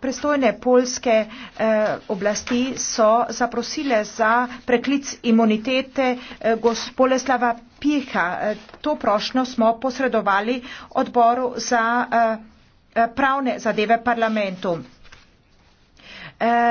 Pristojne polske eh, oblasti so zaprosile za preklic imunitete eh, gospoleslava Piha. Eh, to prošnjo smo posredovali odboru za eh, eh pravne zadeve parlamentu. Eh,